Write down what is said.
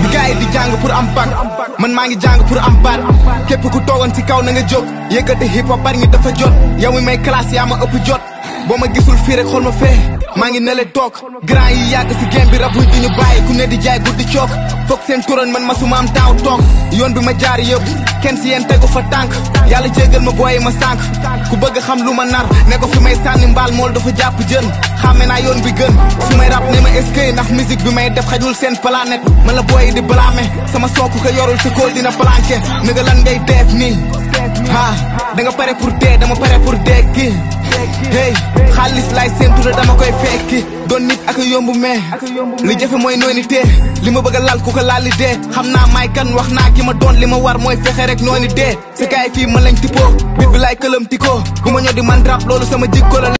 bi gars yi di jàng pour am bac man maa ngi jàng pour am baat képp ku toogoon si kaw na nga jóg yëkkati hip hop bari ñi dafa jot yow mi may classe yaa ma ëpp jot boo ma gisul fii rek xool ma fee maa ngi nele toog grand yi yàgg ci game bi rab yi duñu bàyyi ku ne di jaay guddi coog foog seen turan man masuma am taaw toog yoon bi ma jaar yëpp kenn ci yéen tegu fa tànk yàlla jéggal ma booye ma sànk ku bëgg xam lu ma nar ne ko fi may sànni mbaal mool dafa jàpp jën xàmme naa yoon bi gën su may rab ne ma eskay ndax musique bi may def xajul seen planète ma la booy di blâme sama sooku ko yorul sa kóol dina planqué nga lan ngay def nii ah da pare pour dee dama pare pour hey xaalis laay séentu te dama koy fekki doon nit ak yombu mais li jafe mooy noonu tee li ma bëgg a laal ku ko laal li dee xam naa may kan wax naa ki ma doon li ma war mooy fexe rek noonu dee si kaay fii ma lañ tippoo bit bi laay këlam tikoo bu ma ñëw di man rap loolu sama jikko